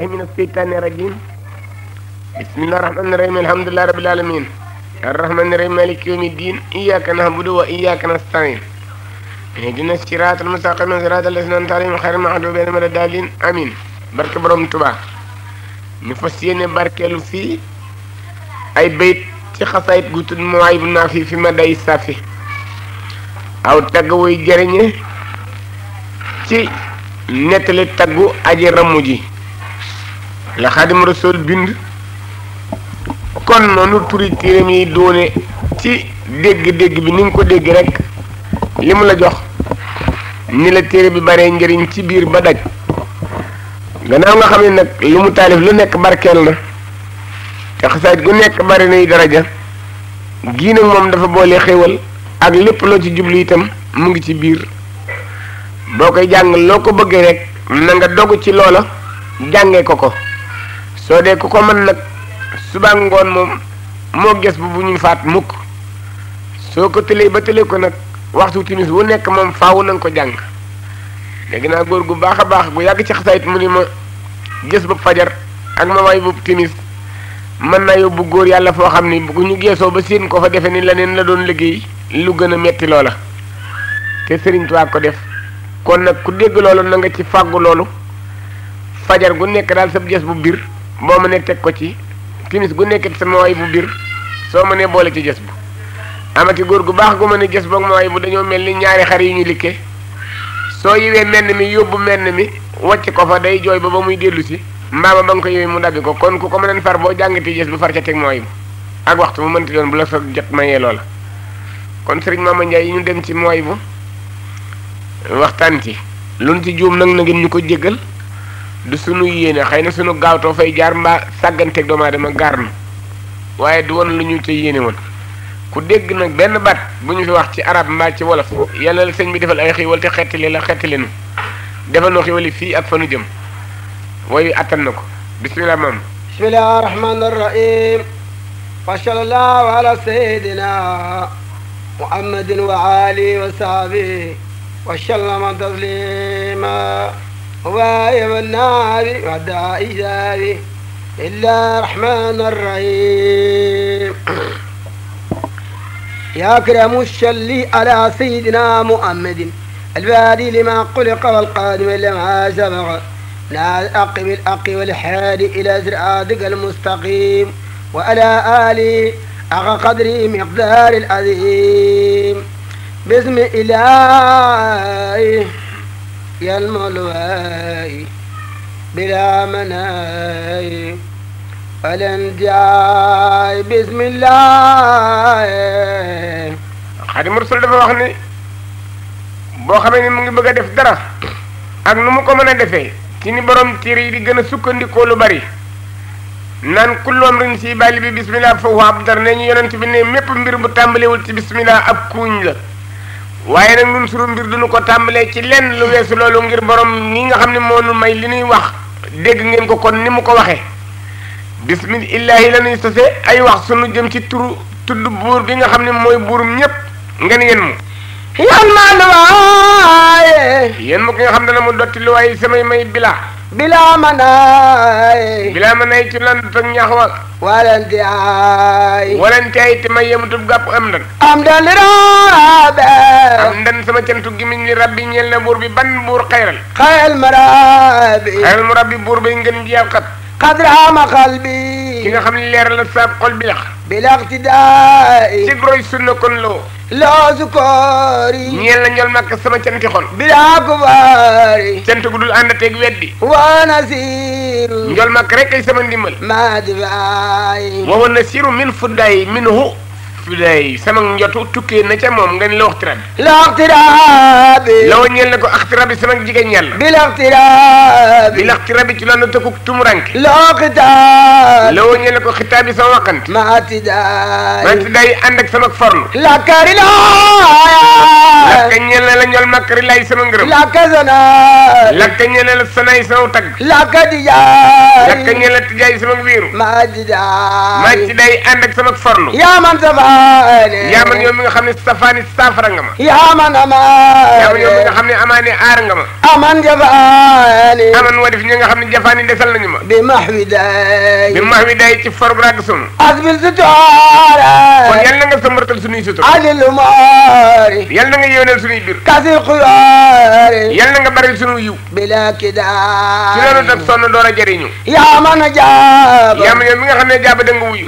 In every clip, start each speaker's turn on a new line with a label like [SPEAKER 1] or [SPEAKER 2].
[SPEAKER 1] الله من الشيطان الرجيم بسم الله الرحمن الرحيم الحمد لله رب العالمين الرحمن الرحيم مالك يوم الدين إياك نعبد وإياك نستعين اهدنا الصراط المستقيم صراط الذين أنعمت عليهم غير المغضوب عليهم ولا الضالين آمين بارك بروم تبا نفسيني باركلو في أي بيت ci xasaayit gu tudd mawaayib naa fi fi ma day safi aw tagg wuy jëriñe ci nettali taggu aji ramu ji la xaadim rasul bind kon noonu turi téeram yi doone ci dégg-dégg bi ni nga ko dégg rek li mu la jox ni la téere bi bare njëriñ ci biir ba daj gannaaw nga xam ne nag lu mu taalif lu nekk barkeel na te xasaayit gu nekk bari nay daraja gii nag moom dafa boole xéewal ak lépp loo ci jublu itam mu ngi ci biir boo koy jàng loo ko bëggee rek na nga dogu ci loola jànge ko ko soo dee ku ko mën nag suba ngoon moom moo gës bu bu ñuy faat mukk soo ko tëlee ba tëlee ko nag waxtu timis wu nekk moom faaw na ko jàng naa gu baax a gu yàgg ci xasaayit mu ni ma bu fajar ak ma way bu timis mën naa yóbbu góor yàlla foo xam ni bu ñu geesoo ba seen ko fa defee ni leneen la doon liggéey lu gën a metti loola te sëriñ Tuubaa ko def kon nag ku dégg loolu na nga ci fàggu loolu fajar gu nekk daal sab gës bu bir boo mënee teg ko ci timis gu nekk sa mooy bu biir soo mënee boole ci jës bu amati góor gu baax gu mën a jës boog mooy bu dañoo mel ni ñaari xar yi ñu likkee soo yiwee menn mi yóbbu menn mi wàcc ko fa day jooy ba ba muy dellu si mbaama ba nga ko yiwee mu dabbi ko kon ku ko mëneen far boo jàngatee jës bu far ca teg mooy bu ak waxtu bu mënti doon bu la soog jot mayee loola kon sëriñ Maama Ndiaye yi ñu dem ci mooy bu waxtaan ci lu ci juum nag na ñu ko jéggal du sunu yéene xëy na sunu gaawtoo fay jaar mbaa sàgganteeg doomu aadama gaar na waaye du won lu ñu ca yéene woon ku dégg nag benn bat bu ñu fi wax ci arab mbaa ci wolof yàlla la sëñ bi defal ay xiiwal te xettali la xettali nu defal nu xiiwali fii ak fa nu jëm wayu attan na ko bismillah maam bismillah rahmaan arrahim wa sallallahu ala sayidina muhammadin wa ali wa sahbi wa sallama taslima وبايم النار وداء داري إلا الرحمن الرحيم يا كرم الشل على سيدنا محمد البادي لما قلق والقادم لما سبق لا الأق الأقي والحادي إلى صراطك المستقيم وعلى آلي حق قدري مقدار العظيم بسم إلهي يا الملواي بلا مناي الانجاي بسم الله xadim rasul dafa wax ni boo xamee ni mu ngi bëgg def dara ak nu mu ko mën a defee ci ni borom téere yi di gën a sukkandikoo lu bari naan kulloom riñ si bàlli bi bismillah fa waab dara ne ñu yonent bi ne mépp mbir bu tàmbalewul ci bismillah ab kuuñ la waaye nag ñun sunu mbir duñu ko tàmbalee ci lenn lu weesu loolu ngir borom ñi nga xam ne moo nu may li ñuy wax dégg ngeen ko kon ni mu ko waxee bismillahi la ñuy sose ay wax sunu jëm ci turu tudd buur bi nga xam ne mooy buurum ñépp ngeen yéen mu yal maa waaye yéen ma ki nga xam ne na mu dotti lu waaye samay may bilaa bilaa manaay bilaa manaay ci lan tëg ñax wa walante ay walante ay te ma yemutub gàpp am dan am dan li raabe am dan sama cantu gimiñ li rabbi ñeel na buur bi ban buur xayral xayral ma rabbi xayral mu rabbi buur bay ngeen ji yàlxat xadraama ki nga xam ne leer la saab xol bi lax bilaxtidaay ci groy sunna kon loo sukoori ñeel na ñool màkk sama canti xol bilaa ko baari cant gu dul ànd teeg weddi waana siiru njool màkk rek ay sama ndimbal maa di baay wa wana min fudday minhu fulay sama njotu tukkee na ca mom nga ni la waxtiraabi la waxtiraabi la wa ñeel na ko axtiraabi sama jigéen ñàll bi la waxtiraabi bi la waxtiraabi ci loolu tëkku tumuranke la xitaab la wa ñeel na ko xitaab bi sama waxante ma atidaay ma atidaay ànd ak sama forlu la karilaay la ñeel na la ñol ma lay sama ngërëm la kazana la ñeel na la sanay sama tagg lakka dijaay la ñeel na tijaay sama wiru ma atidaay ma atidaay ànd ak sama forlu ya man sama yaa man a mi nga xam ne safaani saafara nga a yaa man amaane. yaa man yow mi nga xam ne amaane aar nga ma. aman jafaani. aman wadif ñi nga xam ne jafaani desal nañu ma. bi max wi daay. bi max wi daay ci for braak sunu. asbil sutura. kon yal na nga sëmbartal sunuy sutura. alil umaari. yal na nga yéwénal sunuy biir. kasi xuyaari. a jaaba. yaa man yow mi jaaba da wuyu.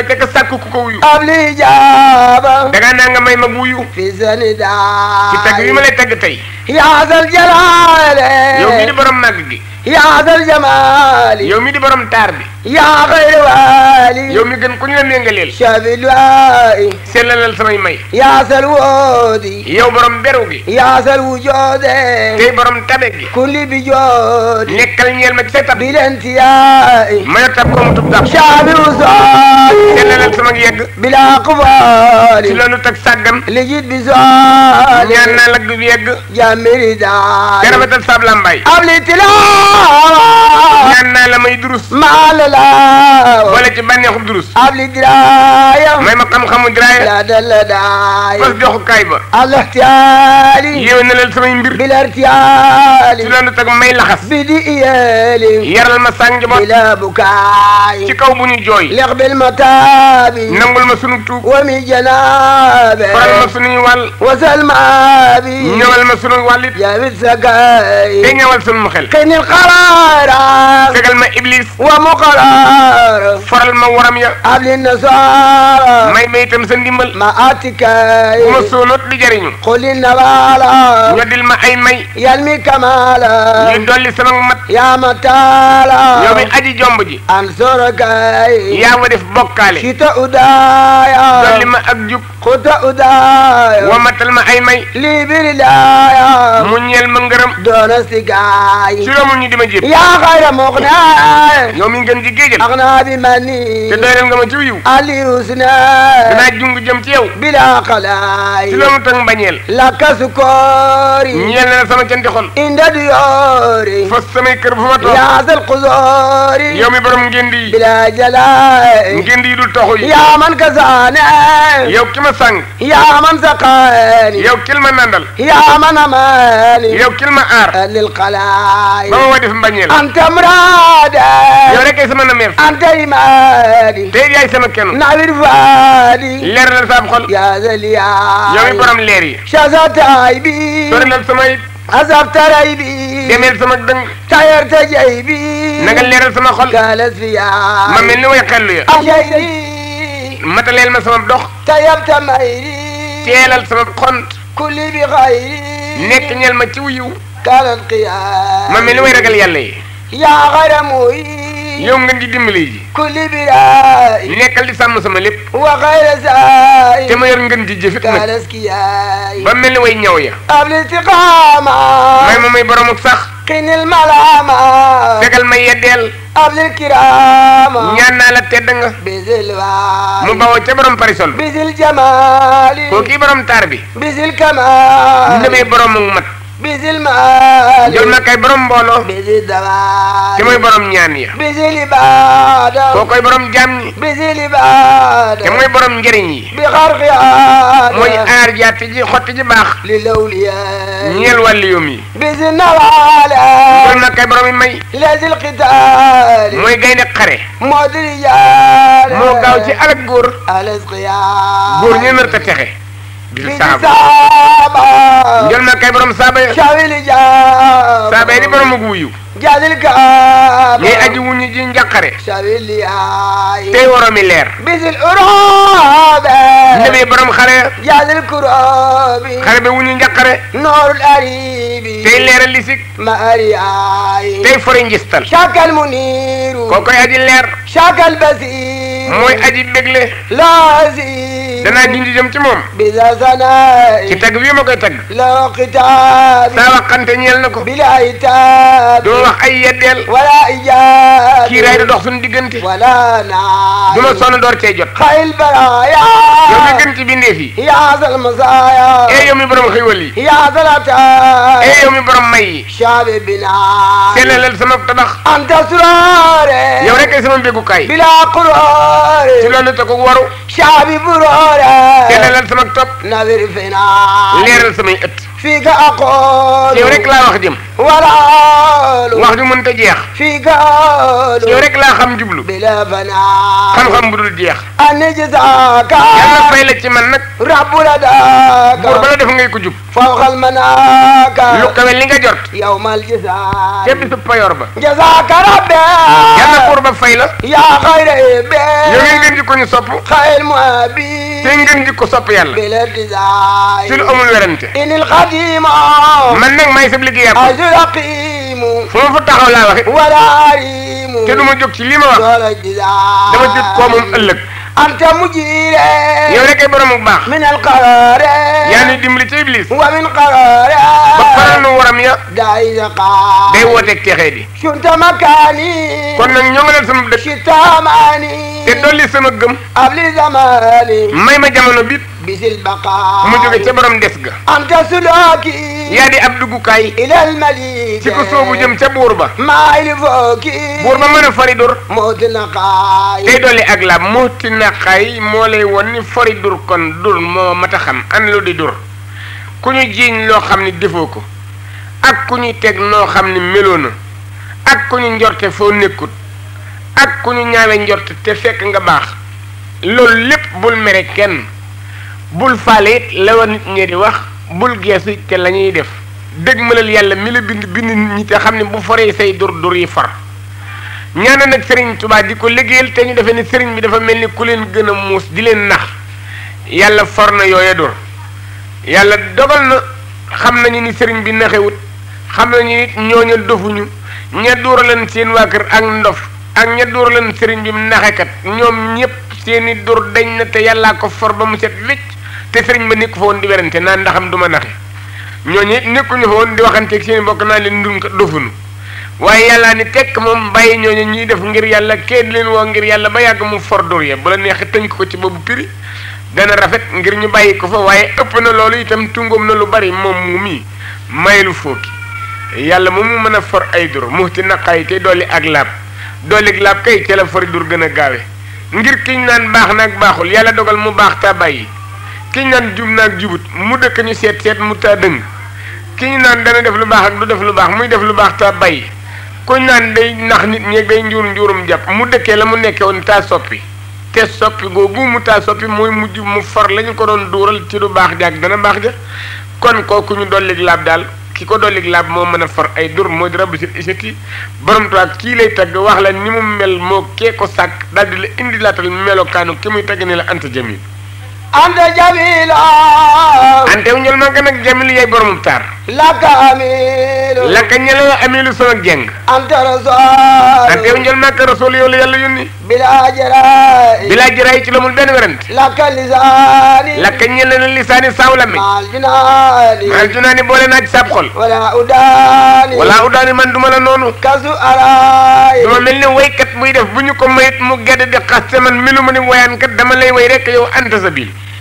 [SPEAKER 1] ijaaba ca ka sàkk ku ko wuyu. ab li ijaaba. da ngaa naa nga may ma wuyu. fi sani daa. ci tagg yi ma lay tagg tey. yaasal jalaale. yow mii di borom màgg gi. يا ذا الجمال يومي دي برام تاربي يا غير والي يومي كن كن يوم ينجليل شاذ الوائي سلال السماي مي يا سلوودي يوم برام بروغي يا سلوجودي تي برام تابيكي كل بجود نكال نيال مكسيطة بلانتيائي ما يتبقى متبقى شاذ الوصال سلال السماي يد بلا قبالي سلال التكساق دم لجد بزوالي نيانا لقب يد جامري دالي كربة السابلان باي أبلي تلال نانا نعم، لما يدرس ما لا لا ولا تبني خب دروس قبل دراية ما يمقام خم دراية لا لا لا بس دي أخو كايبة الله تيالي يو إن الالسما ينبير بلا ارتيالي سلوان دو تقم ماي لخص بدي إيالي يار المسان جبا بلا بكاي تكو بني جوي لغب المتابي نمو المسنو توك ومي جنابي فرا المسنو يوال وسلم أبي نيو المسنو يوالي يا بسكاي كين يوال سلم خل كين القاي مقرارا تقل ما إبليس ومقرارا فرل ما ورم يا أهل النصارى ما يميتم سندمل ما آتكاي ومسولوت لجرين قل النبالا ودل ما أي مي يلمي كمالا يدول سنو مت يا متالا يومي أجي جومبجي أنصركاي يا ودف بوكالي شتا أدايا دول ما أجيب قد أدايا ومتل ما أي مي لي بلدايا منيال منغرم دونستي كاي شلو مني ñi di ma jéem yaa xayra muqnaa ñoom yi ngeen di géejal axnaa bi ma nii te doyal nga ma ciw yiw alius na danaa jung jëm ci yow bila xalaay ci loolu tag mbañeel lakka sukoori ñeel na sama canti xol inda du yoori fas samay kër bu ma toog yaasal xusoori yow mi borom ngeen di bila jalaay ngeen di dul toxu yi yaa man ka saane yow ki ma sàng yaa man saqaani yow kil ma nandal yaa man amaani yow kil ma aar lil xalaay koy def mbañeel anta mraada yow rek ay sama nameef anta imaadi tey yaay sama kenu nawir faadi leer na saab xol yaa zaliyaa yow mi borom leer yi shasataay bi sorilal samay azab taray bi demeel sama dëng tayar ta jay bi na nga leeral sama xol kaalas fi yaa ma mel ni way xellu ya mataleel ma sama dox tayab tamayri teelal sama xont kulli bi xayri nekk ñel ma ciw yiw kalal qiyaam ma mi lu may ragal yàlla yi yaa xaramuy yow nga di dimbali ji kulli biraay nekkal di sàmm sama lépp wa xayra saay te ma yor ngën di jëfit nag kalas kiyaay ba mel ni way ñaw ya ab listiqaama may ma may boromuk sax xinil malaama tegal ma yeddeel ab lil kiraama ñaan naa la tedd nga bisil waay mu bawoo ca borom parisol bisil jamaali koo kii borom taar bi bisil kamaal ni may boromuk mat bisil maali jël na kay borom mbooloo bisil damaa te mooy borom ñaan ya bisil ibaada koo koy borom jàmm ñi bisil ibaada te mooy borom njëriñ yi bi xar xiyaada mooy aar jaat ji xott ji baax li lawliyaa ñeel wàlliyum yi bisil nawaala jël na kay borom yi may lesil xitaali mooy gaynde xare moo diri jaare moo gaaw ci alak góor alas xiyaar góor ñu nar ta texe ngir saabu njol ma kay borom saaba ya cawili jaam saaba ya di borom ak wuyu jaalil kaaba ñay aji wuñu ji njaqare cawili yaay tey woromi leer bisil uraabe ndebe borom xale ya jaalil kuraabi xale be wuñu njaqare noorul aribi tey leeral lisik maari yaay tey fori njistal cakal muniru kokoy aji leer cakal basir mooy aji bégle laasi danaa gindi jëm ci moom bila sanaay ci tagg bii ma koy tagg la xitaab saa waxante ñeel na ko bila itaab duma wax ay yeddeel wala ijaab kii raay du dox suñu diggante wala naa duma sonn door cee jot xayil baraaya yow mi gën ci bindeef yi yaasal masaaya ee yow mi borom xëywal yi yaasal ataa ee yow mi borom may yi shaabi binaa selelal sama tabax anta suraare yow rek ay sama mbégukaay bila quraan buroore ci loolu takku waru caabi buroore keneen sama topp. naafere fenaa leeral samay ët. fii ga aqoolu yow rek laa wax jëm walaalu wax du mënta jeex fii ga aalu yow rek laa xam jublu bila fanaa xam-xam bu dul jeex anijsaaka yàlla fay la ci man nag rabbu la daaka buur bala def ngay ko jub fawxal manaaka lu kawe li nga jot yow mal gisaa ca bisu payoor ba jasaaka rabbe yàlla buur ba fay la yaa xayra be yow ngeen ngeen di ko ñu sopp xayr mu abi te ngeen di ko sopp yàlla bila tisaay ci lu amul werante xadima من نك may sab liggéeyam ajraqimu fu ma fa taxaw laa waxe walaarimu te du ma jóg ci li ma wax dama jóg koo أنت مجير يا لك برم بخ من القرار يعني دم لتبليس ومن قرار بقرن ورم يا دايز قا دي وتك تخيدي شنت مكاني كنا نيونغ سم دك شتاماني تدولي سم گم قبل زماني ما ما جمانو بيت بزل بقى مجوك تبرم دسغا انت سلوكي يادي ابدو كاي الى الملي تيكو سوبو جيم تي بوربا ما الى فوكي بوربا من فريدور موت نقاي تي دولي اكلا موت نقاي مولاي وني فريدور كون دور مو ماتا خام ان لو دي دور كوني جين لو خامني ديفوكو اك كوني تك لو خامني ميلونا اك كوني نجورتي فو نيكوت اك كوني نياوي نجورتي تي فك nga bax lol lepp bul faale it la nit ñi di wax bul geesu te la ñuy def dëgg mënal yàlla mi la bind bind ñi te xam ne bu foree say dur dur yi far ñaana nag sëriñ Tuubaa di ko liggéeyal te ñu defee ni sëriñ bi dafa mel ni ku leen gën a muus di leen nax yàlla for na yooya dur yàlla dogal na xam nañu ni sëriñ bi naxewut xam nañu nit ñooña dofuñu ña duura leen seen waa kër ak ndof ak ña duura leen sëriñ bi mu naxekat ñoom ñëpp seeni dur dañ na te yàllaa ko for ba mu set wécc te sëriñ ma nekk di werante naan ndaxam du ma naxe ñooñu nekkuñu di waxanteeg seen bokk naa leen dun ko dofunu waaye yàlla ni tekk moom bàyyi ñooñu ñuy def ngir yàlla kenn leen woo ngir yàlla ba yàgg mu fordur ya bu la neexee tënk ko ci boobu piri dana rafet ngir ñu bàyyi ko fa waaye ëpp na loolu itam tungoom na lu bari moom mu mii mayelu fooki yàlla moom mu mën a for ay dur muxti naqay te dolli ak laab dolli laab kay ca la fori dur gën a ngir kiñ naan baax nak baaxul dogal mu baax taa bàyyi ki ñaan jumna naag jubut mu dekk ñu set set mu ta dëng ki ñu naan dana def lu baax ak du def lu baax muy def lu baax ta bay ku naan day nax nit ñeeg day njur njurum japp mu dekké la mu nekkee woon soppi te soppi googu mu ta soppi mooy mujj mu far lañ ko doon dural ci lu baax jak dana baax ja kon ku ñu dollig lab dal ki ko dollig lab mo meuna far ay dur moy rabbi ci isati borom tubaab ki lay tag wax la ni mu mel mo ké ko sàkk daldi la indi latal melokanu ki muy tagg la anta jamil anta jamila anta ñol ma nga nag jamilu yaay boromum taar lakka amilu lakka ñela amilu sama jeng anta rasul anta ñol ma ka rasul yow la yàlla yónni bila jaraay bila jaraay ci lamul benn werante lakka lisaani lakka na lisaani saaw la mi maal junaani maal junaani boole naa ci sab xol man duma la noonu kasu araay duma mel ni waykat buy def bu ñu ko mayit mu gedd di xaste man melu ma ni wayaan kat dama lay way rek yow anta sabil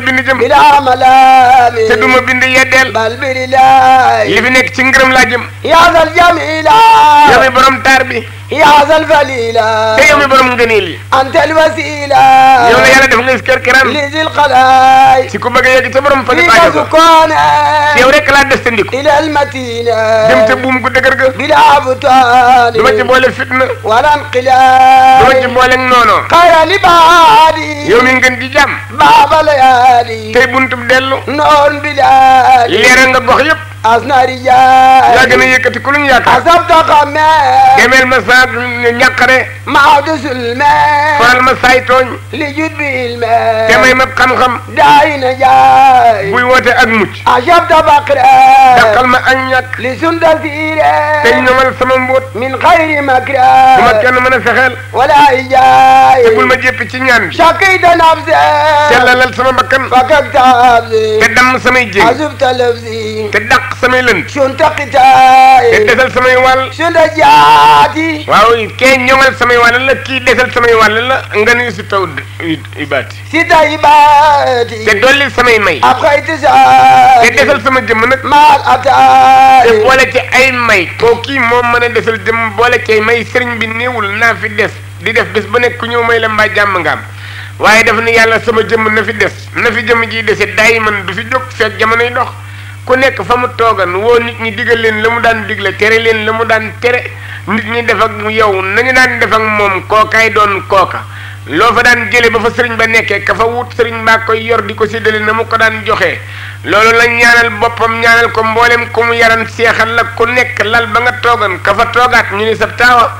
[SPEAKER 1] te bind jëm bilaa malaami te duma bind yeddeel bal bi lillaay li fi nekk ci ngërëm laa jëm yaasal jamiila yow borom taar bi يا ذا الفليلة يوم يبرم جميل أنت الوسيلة يوم يلا دفن إسكر كرام لذي القلاي سيكون بقى يجي تبرم فدي تاجو سكونة سيوريك لا دستندك إلى المتينة دم تبوم قد كرك بلا بطال دم تبول الفتنة ولا انقلاي دم تبول النونو قايا لبالي يوم ينقن دي جام بابا ليالي تيبون تبدلو نور بلالي ليرن دبخ يب asnariya yàgg na yëkkati ku lu ñu yaakaar asabta xame gemeel ma saa ñàqare maa dusul me faral ma saay tooñ li jut bil me te may ma xam-xam daay na jaay buy woote ak mucc asabta baqre daqal ma ak ñàkk li sundal fiire te ñomal sama mbóot min xayri makre bu ma kenn mën a fexeel walaay jaay te bul ma jéppi ci ñaan bi sakita nafse sellalal sama bakkan fakak taabsi te damm samay jéeg asubta lafsi te daq dàq samay lënd. suntaqi jaay. te desal samay wàll. sunda jaati. waaw kee ñoŋal samay wàll la kii desal samay wàll la nga si taw ibaati. si taw ibaati. te dolli samay may. ab xay te saa. te jëmm nag. maal ataay. te boole ci ay may. ko kii moom mën a desal jëmm boole ci ay may sëriñ bi néewul naa fi des di def bés ba nekk ku ñëw may la mbaa jàmm nga am. waaye daf ne yàlla sama jëmm na fi des na fi jëmm ji dese daay man du fi jóg fekk jamonoy dox ku nekk fa mu toogan woo nit ñi digal leen la mu daan digle tere leen la mu daan tere nit ñi def ak yow nañu daan def ak moom kookaay doon kooka loo fa daan jële ba fa sëriñ ba nekkee ka fa wut sëriñ baa ko yor di ko séddale na mu ko daan joxee loolu la ñaanal boppam ñaanal ko mbooleem ku mu yaran seexal la ko nekk lal ba nga toogan ka fa toogaat ñu ne sa taawa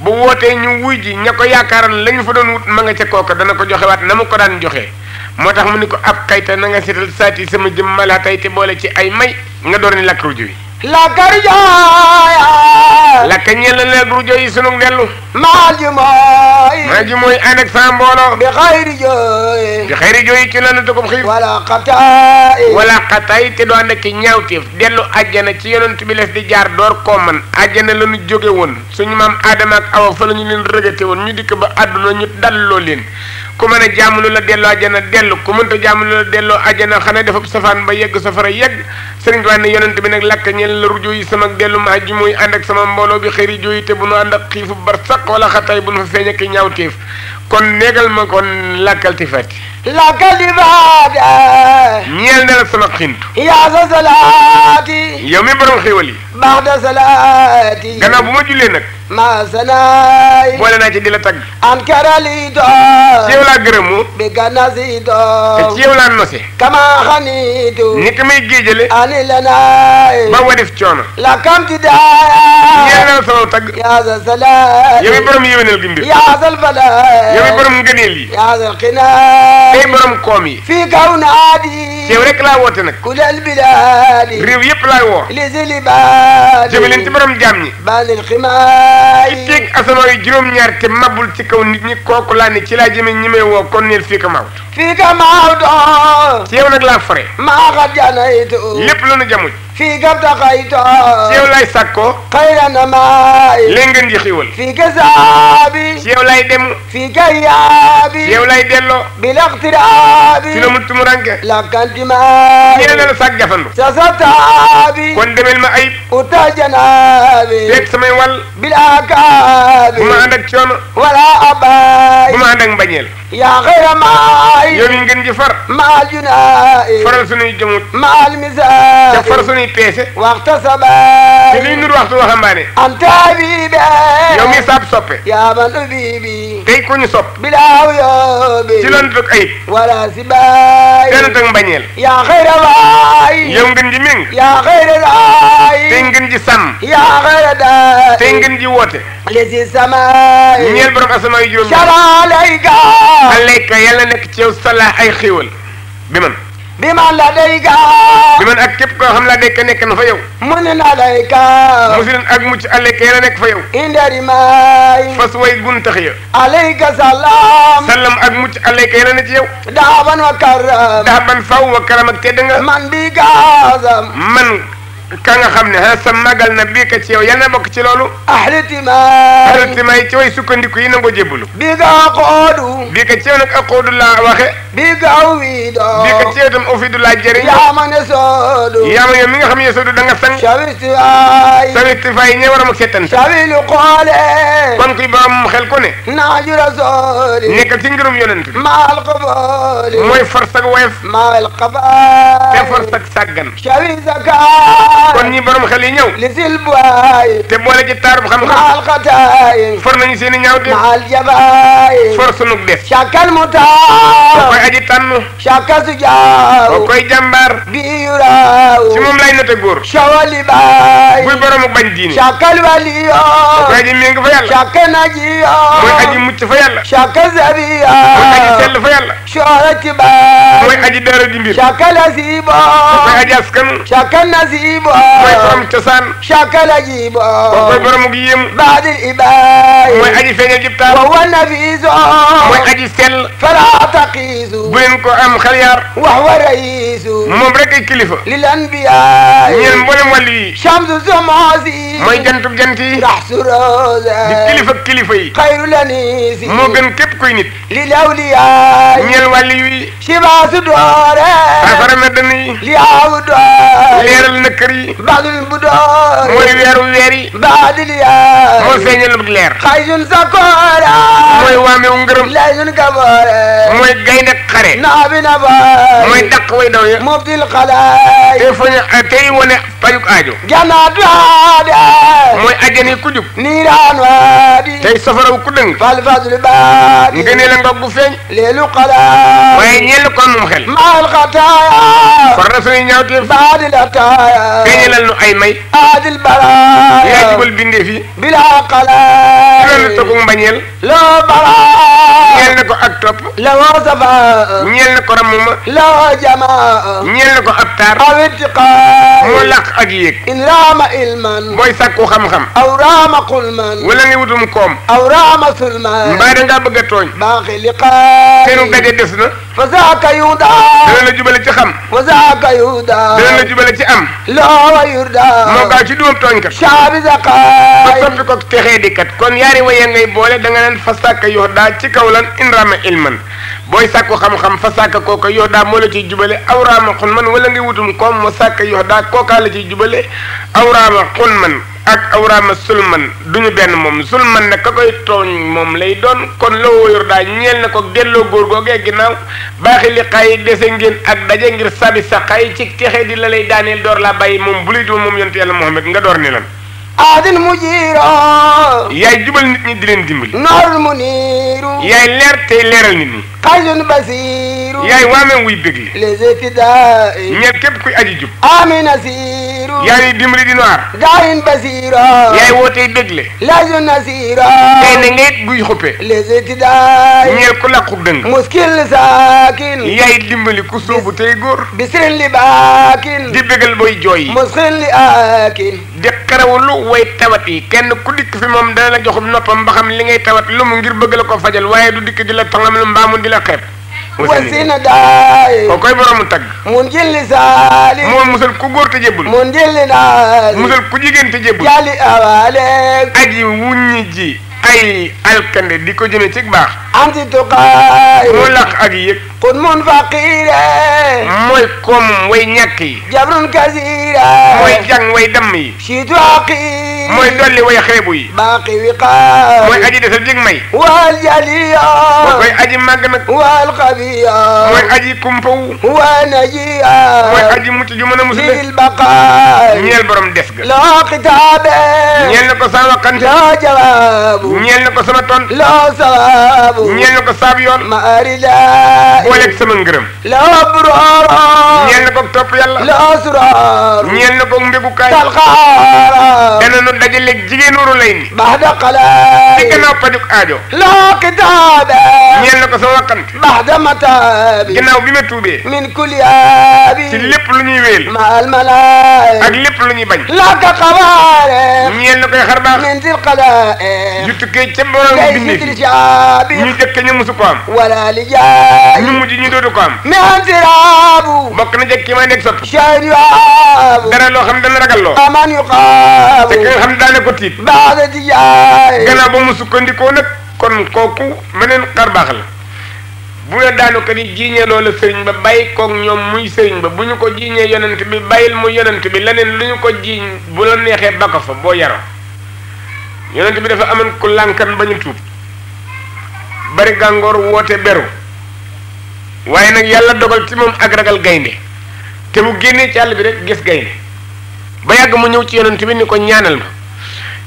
[SPEAKER 1] bu wootee ñu wuy ji ña ko yaakaaran la ñu fa doon wut ma nga ca kooka dana ko joxewaat na mu ko daan joxee motax mu ni ko ab kayta na nga seetal sati sama jëm mala tayte te boole ci ay may nga door ni lakk rujo yi lakk la kanyel la lakk rujo yi sunu delu maa ji mooy maa ji sa mbolo bi khairi jooy bi khairi jooy ci lanu ko xiif wala qatai wala qatai te do nek ak delu aljana ci yonent bi les di jaar door ko man aljana la ñu jóge woon suñu mam adam ak awa fa lañu leen rëgate ñu dik ba aduna ñu lo leen ku mën a jàmm lu la delloo ajana dellu ku mënta jaamu lu la delloo ajana xanaa dafa safaan ba yegg safara yegg sëriñ bi ne yonent bi nag làkk ñel la rujo yi sama dellu maa ji muy ànd ak sama mbooloo bi xëri jooyi te bu nu ànd ak xiifu bar saq wala xataay bu nu fa feeñ ak ñaaw kon néegal ma kon làkkal ti fati làkkal ti faati ñeel na yaa sa salaati yow mi borom xéwal yi baax da salaati gannaaw bu ma jullee nag ma sanaay. boole naa ci di la tagg. an karali doom. ci yow laa gërëmoo. bi ganna si ci yow laa kama xaniitu. ni ki may géejale. ani lanaay. ba wadif coono. la kam ti daay. yéen a sama tagg. yaasal salaay. yow i borom yéwénal gi mbir. yaasal falaay. yow i borom ngëneel yi. yaasal xinaay. ay borom koom yi. fii kaw naa di. ci yow rek laa woote nag. kulal bilaadi. réew yëpp laay woo. li zilibaadi. jëmaleen ci borom jaam ñi. baalil ximaay. ci teeg asamaan yu juróom-ñaar te mabul ci kaw nit ñi kooku laa ne ci laa jëme ñi may woo kon neel fii ka maawut. fii ka maawut. ci yow nag laa fare. maa xat jaanaytu. lépp lu fii ga taxayta. ci yow lay sakko. xayra na maay. lee ngeen di xiwal. fii ga saabi. ci yow lay dem. fii ga yaabi. ci yow lay delloo. bi laxtiraabi. ci la mu tumuranke. lakkanti maay. ñeene la sag jafandu. sa sa taabi. kon demel ma ayib. uta janaabi. fekk samay wal. bi laakaabi. bu ma ànd ak coono. wala abaay. bu ma ànd ak mbañeel. yaa xayra maay. yow mi ngeen di far. maal junaay. faral sunuy jëmut. maal misaay. te far sunuy peese waxta sama te liy nur waxtu waxambaane am taabibe yow mi saab soppe yaaman ubibi tey ku ñu sopp bilaaw yoobi ci loon fekk ayib wala si baay seen tak mbañeel yaa xayra waay yow ngën ji méng yaa xayra daay tey ngën ji sàmm yaa xayra daay tey ngën ji woote li si samaay ñeel borom asamaa yu juróom salalayka alayka yàlla nekk ci yow sala ay xiiwal bi man bi man la day gaa. bi man ak képp koo xam laa dekk nekk na fa yow. mu ne naa lay gaa. musulin ak mucc ale kee la nekk fa yow. indari maay. fas way gun tax ya. alayka salaam. salaam ak mucc ale kee la ne ci yow. daaban wa karam. daaban faw wa karam ak tedd nga. man bi gaasam. man. ka nga xam ne xeesam màggal na bii ka ci yow yal na bokk ci loolu. a axlitimaay ci way sukkandiku yi nangoo jébbalu. bii ka aqoodu. bii ka ci yow nag aqoodu laa a ci yow itam awwiidu laa jëriñ. yaa ma ne soodu. yaa ma yow mi nga xam ne soodu da nga sang. sawistifaay. sawistifaay ñi war a mu seetan. sawilu xoole. kon kuy ba mu xel ku ne. naajura soodi. nekkal ci ngërum yonent bi. maal qabooli. mooy forsak woyof. maal qabaay. te forsak sàggan. sawi zakaay. kon ñi borom xel yi ñëw. li sil bu waay. te boole ci taar bu xam-xam. maal xataay. for nañu seen i ñaaw de. maal jabaay. for sunug def. càkkal mu taaw. koo koy aji tànn. càkka su jaaw. koo koy jàmbaar. biyu raaw. si moom laay noté góor. sawali baay. buy boromu bañ diine. càkkal wali yoo. koo koy aji méng fa yàlla. càkka naji yoo. mooy aji mucc fa yàlla. càkka zabi yoo. mooy aji sell fa yàlla. soorati baay. mooy aji dara di mbir. càkka nasiiboo. koo koy aji askanu. càkka nasiiboo. mooy borom cosaan. shakala jibo. kooku mooy borom gu yéemu. baadil ibaay. mooy aji feeñal jibtaal. wa wa nafiso. mooy aji sell. fala
[SPEAKER 2] taqiisu. bu leen ko am xel yaar. wax wa
[SPEAKER 1] raisu. moom rek ay kilifa. lil anbiyaay. ñeen mboolem wàll yi. shamsu samaasi. mooy jantub jant yi. raxsu rosa. di kilifa kilifa yi. xayru lanisi. moo gën képp kuy nit. lil awliyaay. ñeel wàll yi. sibaasu doore. saafara meddan yi. li aw
[SPEAKER 2] doore.
[SPEAKER 1] leeral na kër yi. yi badul bu door mooy weeru weer yi badul yaa moo feeñalub leer xaysun sakoora mooy waamewu ngërëm laysun gaboore mooy gaynde xare naa bi na boor mooy dàq way daw ya mubtil xalaay te fañ tey wane pajuk aajo janaatu haade mooy ajani ku jub niiraan waadi tey safaraw ku dëng fal fasul baadi ngënee la ngog bu feeñ leelu xalaay waaye ko am xel maal xataaya far na suñu ñaawtee baadi la feeñalal nu ay may aadil baraaya yaa jubal bindeef yi bilaa qalaa ñeel na ko ak mbañeel loo baraa ñeel na ko ak topp lawoo safaa ñeel na ko ramuma lawoo jamaa ñeel na ko ab taar aw ittiqaa moo làq ak yéeg in raama ilman booy sàkku xam-xam aw raama xulman wala nga wutum koom aw raama sulman mbaa da ngaa bëgg a tooñ baaxi liqaa seenu daje des na fa saaka yuudaa dana la jubale ci xam fa saaka yuudaa dana la jubale ci am loo moo gaaw ci dugub tooñkat. ba soppi ko texee di kat kon yaari waye ngay boole da nga naan fa sàkk yoo daa ci kaw lan indraama ilman booy sàkku xam-xam fa sàkk kooka yoo daa moo la ciy jubale awraama xun man wala ngay wutum koom mo sàkk yoo daa kookaa la ciy jubale awraama xun man. ak awraama sulman duñu benn moom sulman nag ka koy tooñ moom lay doon kon la wóoyor daa ñeel na ko delloo góor googee ginnaaw baaxi li xaay dese ngeen ak daje ngir sabi sa xay ci texe di la lay daaneel door laa bàyyi moom bu lay moom yonte yàlla Muhammad nga door ni lan aadin mujiira yaay jubal nit ñi di leen dimbali noorul muniiru yaay leer tey leeral nit ñi xayrun basiiru yaay waameen wuy bégle les fidaa ñeel képp kuy aji jub aami nasiiru yaa ni dimbali di noir daarin basiira yaay wootey bégle laajun nasiira tey ne ngay buy xuppee les fidaa ñeel ku làqu dëng muskil saakin yaay dimbali ku sóobu tey góor bisirin li baakin di bégal booy jooy muskil li aakin karawulu way tawat yi kenn ku dikk fi moom dana la joxum noppam ba xam li ngay tawat lu mu ngir bëgg la ko fajal waaye du dikk di la tangam lu mbaamu di la xeeb
[SPEAKER 2] wasina daay koo koy
[SPEAKER 1] boroomu tagg mun jilli saali moo musal ku góor te jébbul mun jilli naas musal ku jigéen te jébbul jali awaleek aji wuññi ji ay alkande di ko jëme ci baax. am ci tuqaay. mu laq ak yëg. xun mun faqiire. mooy koom way ñàkk yi. jabrun kasiira. mooy jàng way damm yi. siitu aqi. mooy dolli way xeebu yi. baaqi wiqaay mooy aji desal jig may. wal jaliya moo koy aji màgg nag. wal xabiya mooy aji kumpaw. wal najiya mooy aji mucc ju mën a musle. fil baqaay ñeel borom des ga. loo kitaabe. ñeel na ko sama waxante. loo jawaabu. ñeel na ko sama ton. loo sawaabu. ñeel na ko saab yoon. maaridaa. booleeg sama ngërëm. loo burooro. ñeel na ko topp yàlla. loo suraar. ñeel na ko mbégukaay. talxaara. dana doon dajaleeg jigéenu ru lay ni bax da xalaat di gannaaw pajuk aajo na ko bi ma tuubee min kuliyaabi ci lépp lu ñuy wéel maal malaay ak lépp lu ñuy bañ laaka xabaare ñeel na koy xar baax min til xalaat yu tukkee ca borom bindee ñu jëkk ñu musu ko am wala li jaay ñu mujj ñu doodu ko am mi antiraabu na jëkk ki may tere loo xam ne dana ragal loo aman yu xaar te ki nga xam ne daane ko tiit baax di jaay gannaaw ba mu sukkandikoo nag kon kooku meneen xar baax la bu la daanu ko di jiiñee loola sëriñ ba bàyyi koog ñoom muy sëriñ ba bu ñu ko jiiñee yonent bi bàyyil mu yonent bi leneen lu ñu ko jiiñ bu la neexee ba ko fa boo yaroo yonent bi dafa amoon ku lànkan ba ñu tuub bari gàngoor woote beru waaye nag yàlla dogal ci moom ak ragal gaynde te bu génnee ci àll bi rek gis gaynde ba yàgg mu ñëw ci yonent bi ni ko ñaanal ma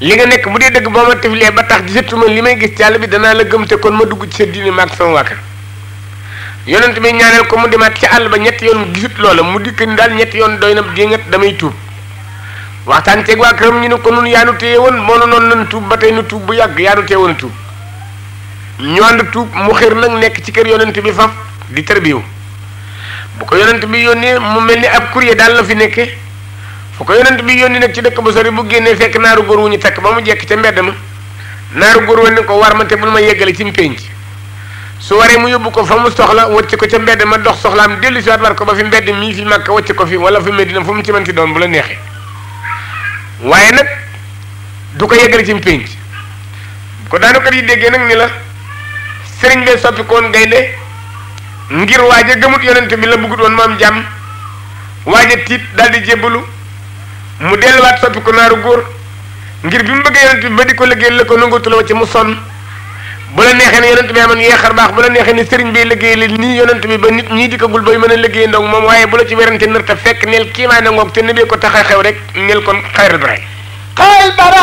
[SPEAKER 1] li nga nekk bu dee dëgg boo ma teflee ba tax gisatuma li may gis yàlla bi danaa la gëm te kon ma dugg ci sa diini maag sama waa kër yonent bi ñaanal ko mu demaat ci àll ba ñetti yoon gisut loola mu dikk ni daal ñetti yoon doy na jéngat damay tuub waxtaan ceeg waa këram ñu ne ko nun yaanu téye woon moo na noonu nan tuub ba tey nu tuub bu yàgg yaanu téye woon tuub ñu ànd tuub mu xir nag nekk ci kër yonent bi di tërbiw ko yonent bi yónnee mu mel ni ab courrier daal la fi nekkee fu ko yonent bi yónni nag ci dëkk bu sori bu génnee fekk naaru góor wu ñu fekk ba mu jekk ca mbedd ma naaru góor wen ni ko war ma te bul ma yeggale ci mpénc su waree mu yóbbu ko fa mu soxla wacc ko ca mbedd ma dox soxlaam dellu si waat war ko ba fi mbedd mii fi màkk fi wala fi medina fu mu ci waaye nag du ko yeggale ci mpénc ko daanukat yi déggee nag ni la sëriñ bee soppi koon gaynde ngir waaja gëmut yonent bi la bëggut woon moom jàmm waaja tiit daal di jébbalu mu delluwaat soppi ko naaru góor ngir bi mu bëggee yonent bi ba di ko liggéeyal la ko nangatula wa ci mu sonn bu la neexee ne yonent bi amoon yeexar baax bu la neexee ne sëriñ bi liggéey li nii yonent bi ba nit ñii dikkagul bay mën a liggéey ndoog moom waaye bu la ci werante nër ta fekk neel kii maa nangoog te nebee ko tax a xew rek neel kon xayrul bara xayrul bara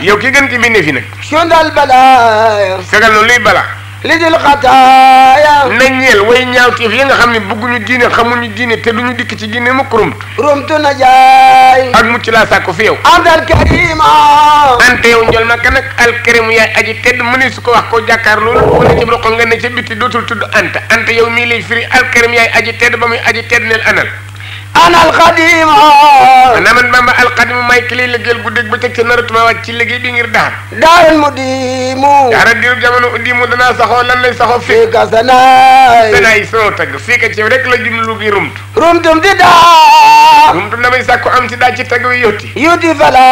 [SPEAKER 1] yow ki gën ci mbindee fi nag sundal bala sagal noonu luy bala li dil xataaya na ñeel way ñaawteef yi nga xam ne bëgguñu diine ñu diine te duñu dikk ci diine mukk rumt rumtu na jaay ak mucc laa sàkku fi yow antal karima ante yow njol ma ka nag alkarim yaay aji tedd mu ne su ko wax koo jàkkaar loolu ku ne ci roqo nga ne ca bitti dootul tudd anta anta yow mii lay firi alkarim yaay aji tedd ba muy aji tedd neel anal ana alxadim ana man bamba alxadim may ki lay liggéeyal guddeeg bëccëg ca naratuma wàcc ci liggéey bi ngir daar daaran mu diimu daara diiru jamono uddiimu danaa saxoo lan lay saxoo fii ka sanaay sanaay soo tagg fii ci rek la jumlu gi rumtu rumtum di daa rumtum damay sàkku am si daa ci tagg wi yóoti yóoti fala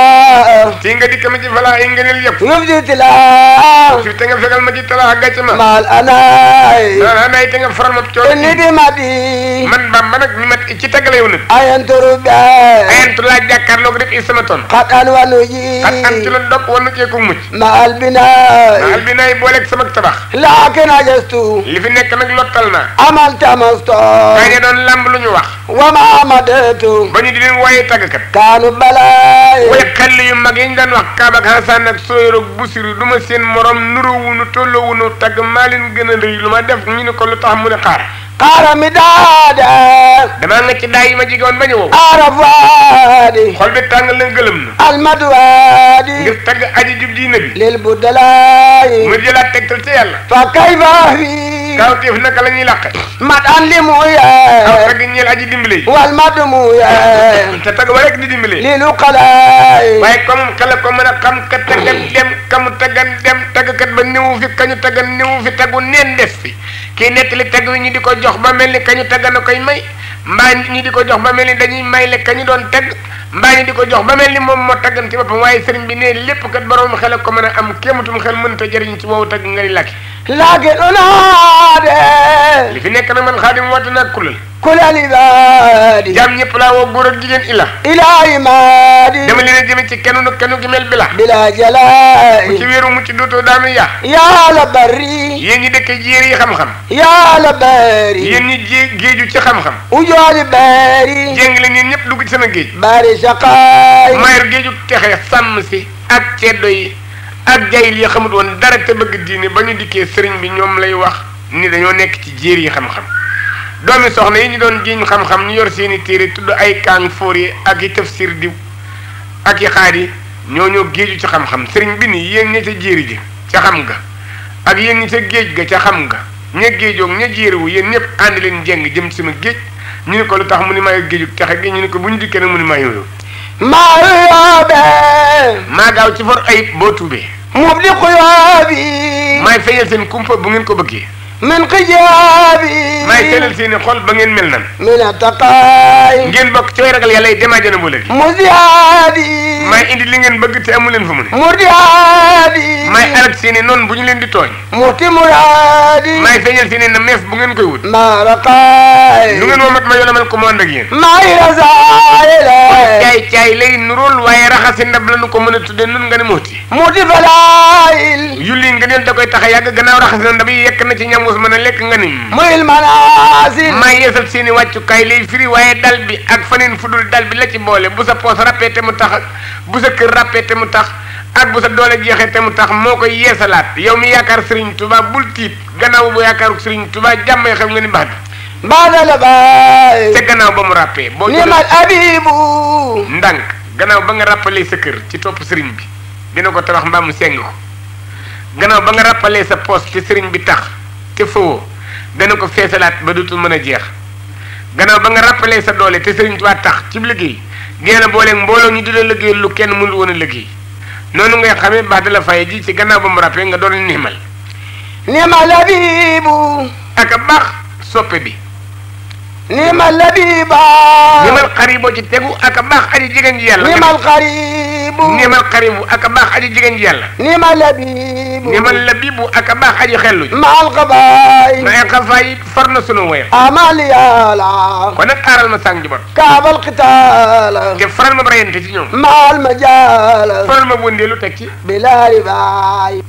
[SPEAKER 1] fii di tila fii te nga fegal ma ci tala gàcc ma maal anaay maal anaay te nga faral ma coono ni di ma di man bamba nag mi ci tagg la yow jullit. ayantoru daa. ayantu laa jàkkaarloog rek is sama tool. xataan wàllu ji. xataan ci la ndokk wàllu keeku mucc. ma albinaay. ma albinaay booleeg sama tabax. laa kenn ajastu. li fi nekk nag lottal na. amal tamasto. kaña doon lamb lu ñu wax. wama amadeetu. ba ñu di leen waaye tàggkat. kaanu balaay. way xel yu mag yi ñu daan wax Kaaba ak Hassan ak Soyor ak Busiri du ma seen morom nuru wu nu tolloo wu nu tagg maa leen gën a rëy lu ma def ñu ne ko lu tax mu ne xaar. xaaral mi daada. damaa nekk ci daay yi ma jege woon ba ñëwoo. arafaadi. xol bi tàng la gëlëm na. almaduwaadi. ngir tagg aji jub diine bi. lil bu dalaayi. mu jëlaat tegtal ci yàlla. fa kayfa fii. kawteef naka la ñuy làqe mat an li mu yee aw tagg ñeel aji dimbali wal mad mu yee te tagg ba rek di dimbali lii lu xalaay waaye comme xale ko mën a xam ka taggan dem kamu taggan dem taggkat ba niwu fi kañu taggan niwu fi taggu neen def fi kii nettali tagg wi ñu di ko jox ba mel ni kañu taggan a koy may mbaa ñu di ko jox ba mel ni dañuy may le kañu doon tagg mbaa ñu di ko jox ba mel ni moom moo taggan ci boppam waaye sëriñ bi ne lépp kat borom xel ko mën a am kéematum xel mënta jëriñ ci boobu tagg nga di lakki laa gënoon a li fi nekk na man xaadim waat naa kulal. kulal ibaadi. jaam ñëpp laa woo góor ak jigéen ila. ilaa imaadi. dama leen a jëme ci kennu kennu gi mel bila. bila jalaay. ku ci mucc dootoo daanu yaa. yàlla bari. yéen ñi dëkk jéer yi xam-xam. yàlla bari. yéen ñi jé géeju ci xam-xam. ujooli bari. jéng leen yéen ñëpp sama géej. bari saqaay. maayar géeju texe sàmm si. ak ceddo ak jaayil yi xamut woon dara te bëgg diine ba ñu dikkee sëriñ bi ñoom lay wax ni dañoo nekk ci jéer yi xam-xam doomi soxna yi ñu doon jiiñ xam-xam ñu yor seeni téere tudd ay kaang ak yi tef i tafsir diw ak i xaar ñoo ñoo géeju ci xam-xam sëriñ bi ni yéen ña ca jéeri ji ca xam ga ak yéen ñi ca géej ga ca xam nga ña géejoog ña wu yéen ñëpp ànd leen jeng jëm ci sama géej ñu ni ko lu tax mu ni maay géejug texe gi ñu ni ko bu ñu dikkee nag mu ni maay maa gaaw ci for ayib boo tuubee. mu di xuyoo bi. maay fayal seen kumpa bu ngeen ko bëggee. min xijaabi. may seelal seeni xol ba ngeen mel nan. min attaqaay. ngeen bokk cooy ragal yàlla yi demaa jënd boole gi. musiaabi. may indi li ngeen bëgg te amu leen fu mu ne. murdiaabi. may alag seeni noon bu ñu leen di tooñ. muti muraadi. may feeñal seeni na meef bu ngeen koy wut. maaraqaay. lu ngeen woomat ma yolamal ko mu ànd ak yéen. may rasaayila. caay caay lay nuróol waaye raxasi ndab la nu ko mën a tuddee nun nga ne muuti. muti falaayil. yulli ngeen da koy tax a yàgg gannaaw raxasi ndab yi yekk na ci ñam doos a lekk nga ni muyil manaasin may yeesal seeni wàccukaay lay firi waaye dal bi ak faneen fu dul dal bi la ci boole bu sa poos ràppee te mu tax bu sa kër ràppee te mu tax ak bu sa doole jeexee te mu tax moo koy yeesalaat yow mi yaakaar Serigne Touba bul tiit gannaaw bu yaakaaru Serigne Touba jàmmay xam nga ni baax bi baada la baay te gannaaw ba mu ràppee boo nimal abibu ndànk gannaaw ba nga ràppalee sa kër ci topp Serigne bi dina ko tabax mbaam mu seng ko ba nga ràppalee sa poos te Serigne bi tax te foo dana ko fessalat ba dutul meuna jeex gannaaw ba nga rappelé sa doole te serigne touba tax ci liggéey neena boole booleeg ñu dina la liggéey lu kenn mënul woon a liggéey noonu ngay xamé ba dala la ji ci gannaaw ba mu rappé nga doon niimal niimal labibu ak bax soppe bi niimal labiba niimal xari ci tegu ak bax baax jigen jigéen ji yàlla labibu nimal karimu ak baax aji jigéen ji yàlla nimal labibu nimal labibu ak baax aji xellu ji maal xafaay maal xafaay far na sunu wayal amal yàlla kon nag aaral ma sàng jibor kaabal xitaala te faral ma rayante ci ñoom maal ma jaala faral ma wëndeelu teg ci bila ribaay